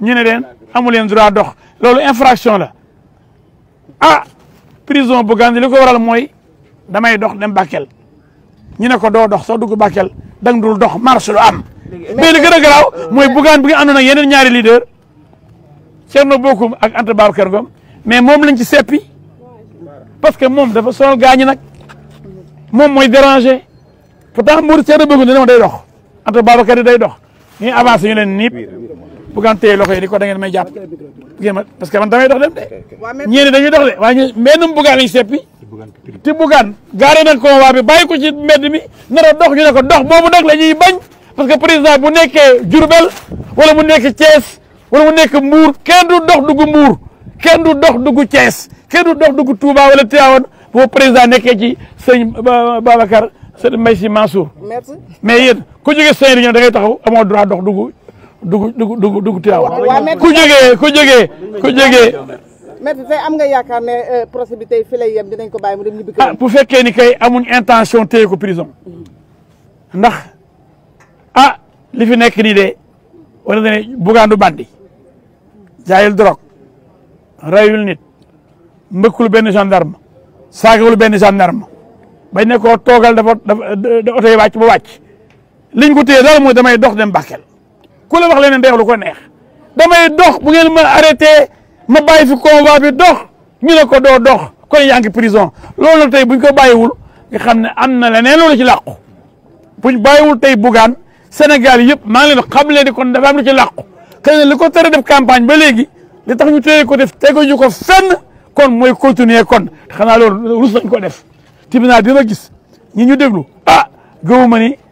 ñu ne leen amu leen droit dox loolu infraction la ah prison bu Gànji li ko waral mooy damay dox dem Bakel ñu ne ko doo dox soo dugg Bakel dang dul dox marche lu am. mais li gën a mooy Bougane bi nga àndoon ak yeneen ñaari leader Thierno Bocoum ak entre Babacar Ngom mais moom lañ ci seppi parce que moom dafa sonal gaañi nag moom mooy déranger pourtant Mourou Thierno Bocoum dina ma day dox Anta Babacar day dox ñuy avancer ñu leen niip. bu gaan téye loxo yi di ko da ngeen may jàpp parce que man damay dox dem de ñeeni dañuy dox de waaye ñu mbennum bugaan lañ seppi ti bugaan gaare nag convoi bi bàyyi ko ci mbedd mi nar a dox ñu ne ko dox boobu nag la ñuy bañ parce que président bu nekkee Diourbel wala mu nekk Thiès wala mu nekk muur kenn du dox dugg Mbour kenn du dox dugg Thiès kenn du dox dugg Touba wala Tivaouane boo président nekkee ci sëñ Babacar sëñ Maysi Mansour mais yéen ku jógee sëñ di ñëw da ngay taxaw amoo droit dox dugg dugg dugg dugg dugg Tivaouane ku jógee ku jógee ku jógee maître tey am nga yaakaar ne euh, procès bi tey fi lay yem dinañ ko bàyyi mu dem ñibbi ah bu fekkee ni kay amuñ intention téye ko prison ndax ah li fi nekk nii de wala ne bugaandu bandi jaayul drogue rayul nit mbëkkul benn gendarme saagawul benn gendarme bañ ne koo toogal dafa dafa oto yi wàcc ba wàcc liñ ko téye daal mooy damay dox dem Bakel ku la wax leneen day wax lu ko neex damay dox bu ngeen ma arrêté ma bàyyi fi convoi bi dox ñu ne ko doo dox ko yaa ngi prison loolu nag tey buñ ko bàyyiwul nga xam ne am na leneen loolu ci làqu buñ bàyyiwul tey bugaan Sénégal yëpp maa ngi leen xam leen di kon dafa am lu ci làqu xëy na ko tere def campagne ba léegi li tax ñu teye ko def teguñu ko fenn kon mooy continuer kon xanaa loolu rus nañ ko def tribunal dina gis ñi ñu déglu a ah, gëwuma ni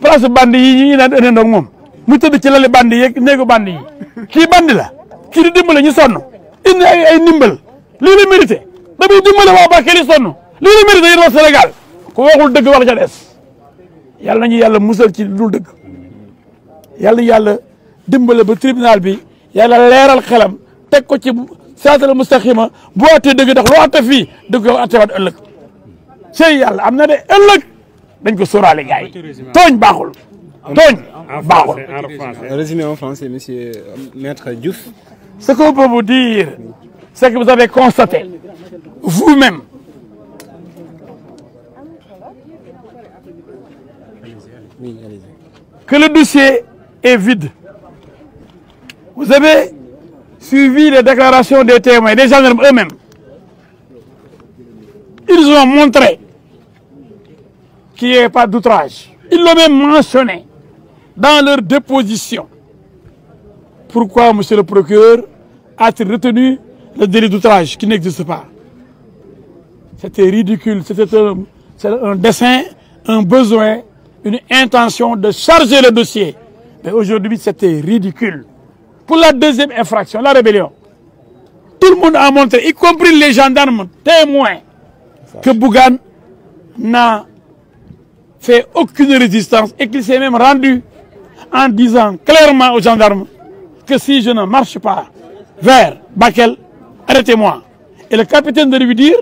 place bandi yi ñu naan ëndandoog moom mu tëdd ci lali bandi yeeg néegu bandi yi kii bandi la kii di dimbale ñu sonn indi ay ay ndimbal lii la mérité damay dimbale waa Bakel yi sonn lii la mérité yéen waa Sénégal ku waxul dëgg wax ca des yàlla nañu yàlla musal ci dul dëgg yàlla yàlla dimbale ba tribunal bi yàlla leeral xelam teg ko ci saatal mustaqima bu attee dëgg ndax lu atte fii dëgg yow attewaat ëllëg sey yàlla am na de ëllëg Ce que vous gars euh, en français monsieur euh, maître Diouf. ce vous dire c'est que vous avez constaté vous-même que le dossier est vide. Vous avez suivi les déclarations des témoins, des gendarmes eux-mêmes. Ils ont montré qu'il n'y ait pas d'outrage. Ils l'ont même mentionné dans leur déposition. Pourquoi, monsieur le procureur, a-t-il retenu le délit d'outrage qui n'existe pas C'était ridicule, c'était un, un, un besoin, une intention de charger le dossier. Mais aujourd'hui, c'était ridicule. Pour la deuxième infraction, la rébellion, tout le monde a montré, y compris les gendarmes témoins, que Bougan n'a fait aucune résistance et qu'il s'est même rendu en disant clairement aux gendarmes que si je ne marche pas vers Bakel, arrêtez-moi. Et le capitaine de lui dire,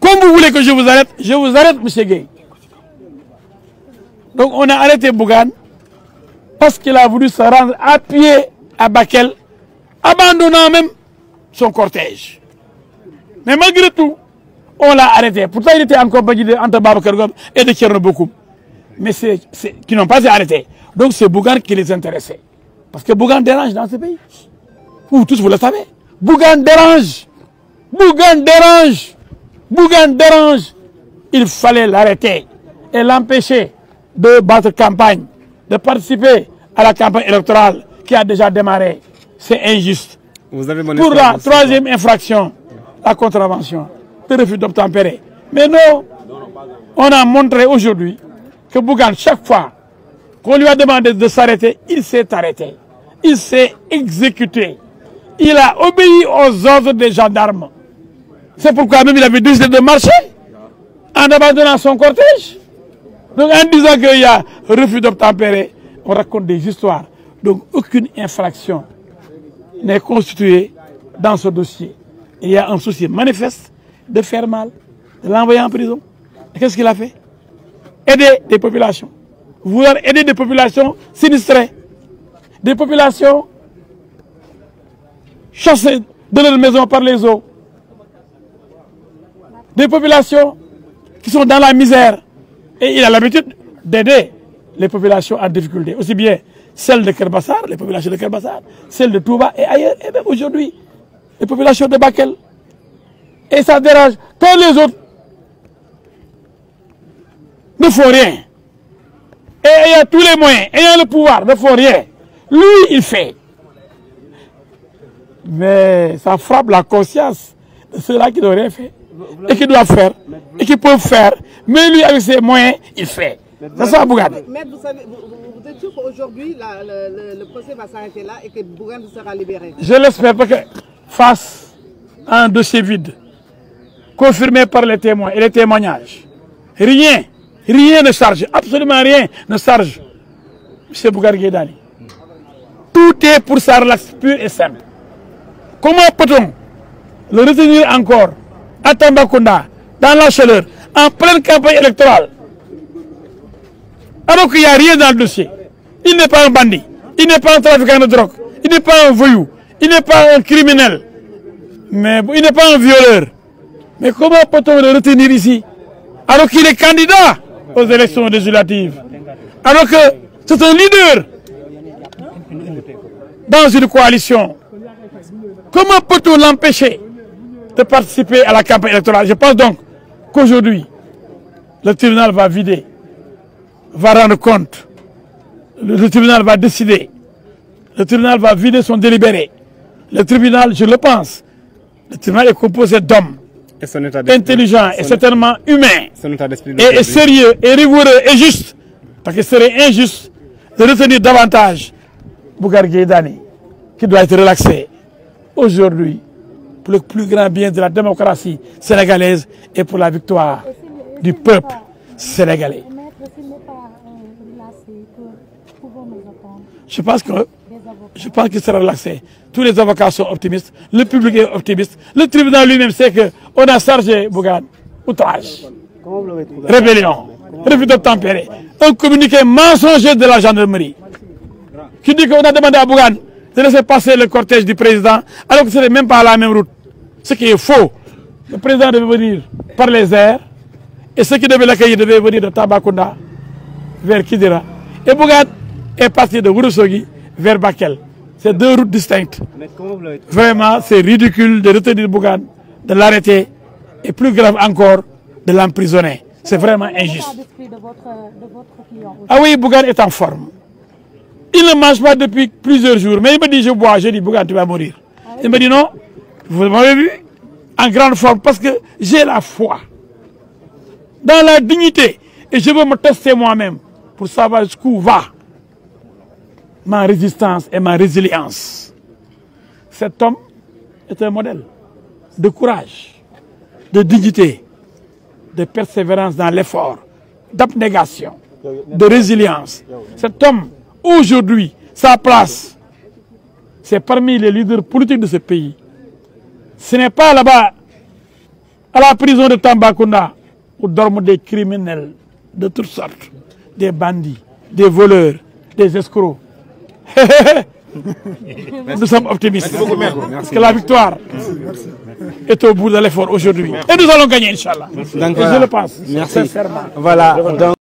comme vous voulez que je vous arrête, je vous arrête, monsieur Gay. Donc on a arrêté Bougan parce qu'il a voulu se rendre à pied à Bakel, abandonnant même son cortège. Mais malgré tout, on l'a arrêté. Pourtant, il était en compagnie entre Kergob et de Tcherno Mais c'est qui n'ont pas été arrêtés. Donc c'est Bougan qui les intéressait. Parce que Bougan dérange dans ce pays. Vous tous, vous le savez. Bougan dérange. Bougan dérange. Bougan dérange. Il fallait l'arrêter et l'empêcher de battre campagne, de participer à la campagne électorale qui a déjà démarré. C'est injuste. Vous avez Pour la troisième infraction, la contravention refus d'obtempérer. Mais non, on a montré aujourd'hui que Bougan, chaque fois qu'on lui a demandé de s'arrêter, il s'est arrêté. Il s'est exécuté. Il a obéi aux ordres des gendarmes. C'est pourquoi même il avait décidé de marcher en abandonnant son cortège. Donc en disant qu'il y a refus d'obtempérer, on raconte des histoires. Donc aucune infraction n'est constituée dans ce dossier. Il y a un souci manifeste de faire mal, de l'envoyer en prison. Qu'est-ce qu'il a fait Aider des populations. Vouloir aider des populations sinistrées, des populations chassées de leur maison par les eaux, des populations qui sont dans la misère. Et il a l'habitude d'aider les populations en difficulté, aussi bien celles de Kerbassar, les populations de Kerbassar, celles de Touba et ailleurs, et même aujourd'hui, les populations de Bakel. Et ça dérange quand les autres ne font rien. Et ayant tous les moyens, ayant le pouvoir, ne font rien. Lui, il fait. Mais ça frappe la conscience de ceux-là qui n'ont rien fait. Et qui doivent faire. Et qui peuvent faire. Mais lui, avec ses moyens, il fait. Ça, ça, Bougane. vous, savez, vous, êtes sûr qu'aujourd'hui, le, procès va s'arrêter là et que Bougane sera libéré Je l'espère parce que face à un dossier vide, confirmé par les témoins et les témoignages. Rien, rien ne charge, absolument rien ne charge M. Bougargué Dali. Tout est pour sa relaxe pure et simple. Comment peut-on le retenir encore à Tambacounda, dans la chaleur, en pleine campagne électorale, alors qu'il n'y a rien dans le dossier Il n'est pas un bandit, il n'est pas un trafiquant de drogue, il n'est pas un voyou, il n'est pas un criminel, mais il n'est pas un violeur. Mais comment peut-on le retenir ici alors qu'il est candidat aux élections législatives Alors que c'est un leader dans une coalition. Comment peut-on l'empêcher de participer à la campagne électorale Je pense donc qu'aujourd'hui, le tribunal va vider, va rendre compte, le tribunal va décider, le tribunal va vider son délibéré. Le tribunal, je le pense, le tribunal est composé d'hommes intelligent et certainement humain. et, sérieux et rigoureux et juste. Parce que serait injuste de retenir davantage Bougar Dani qui doit être relaxé. Aujourd'hui, pour le plus grand bien de la démocratie sénégalaise et pour la victoire du peuple sénégalais. Euh, Je pense que je pense qu'il sera relaxé. Tous les avocats sont optimistes, le public est optimiste. Le tribunal lui-même sait qu'on a chargé Bougan, outrage, rébellion, refus tempérer. un communiqué mensonger de la gendarmerie qui dit qu'on a demandé à Bougan de laisser passer le cortège du président alors que ce n'est même pas la même route. Ce qui est faux. Le président devait venir par les airs et ceux qui devaient l'accueillir devaient venir de Tabakunda vers Kidira. Et Bougan est parti de Wurusogi vers Bakel. C'est deux routes distinctes. Vraiment, c'est ridicule de retenir Bougan, de l'arrêter, et plus grave encore, de l'emprisonner. C'est vraiment injuste. Ah oui, Bougan est en forme. Il ne mange pas depuis plusieurs jours, mais il me dit, je bois, je dis, Bougan, tu vas mourir. Ah il me dit, non, vous m'avez vu, en grande forme, parce que j'ai la foi dans la dignité, et je veux me tester moi-même pour savoir jusqu'où va ma résistance et ma résilience. Cet homme est un modèle de courage, de dignité, de persévérance dans l'effort, d'abnégation, de résilience. Cet homme, aujourd'hui, sa place, c'est parmi les leaders politiques de ce pays. Ce n'est pas là-bas, à la prison de Tambacounda, où dorment des criminels de toutes sortes, des bandits, des voleurs, des escrocs, nous sommes optimistes. parce que la victoire est au bout de l'effort aujourd'hui. Et nous allons gagner, Inch'Allah. Je le pense. Merci. Sincèrement. Voilà.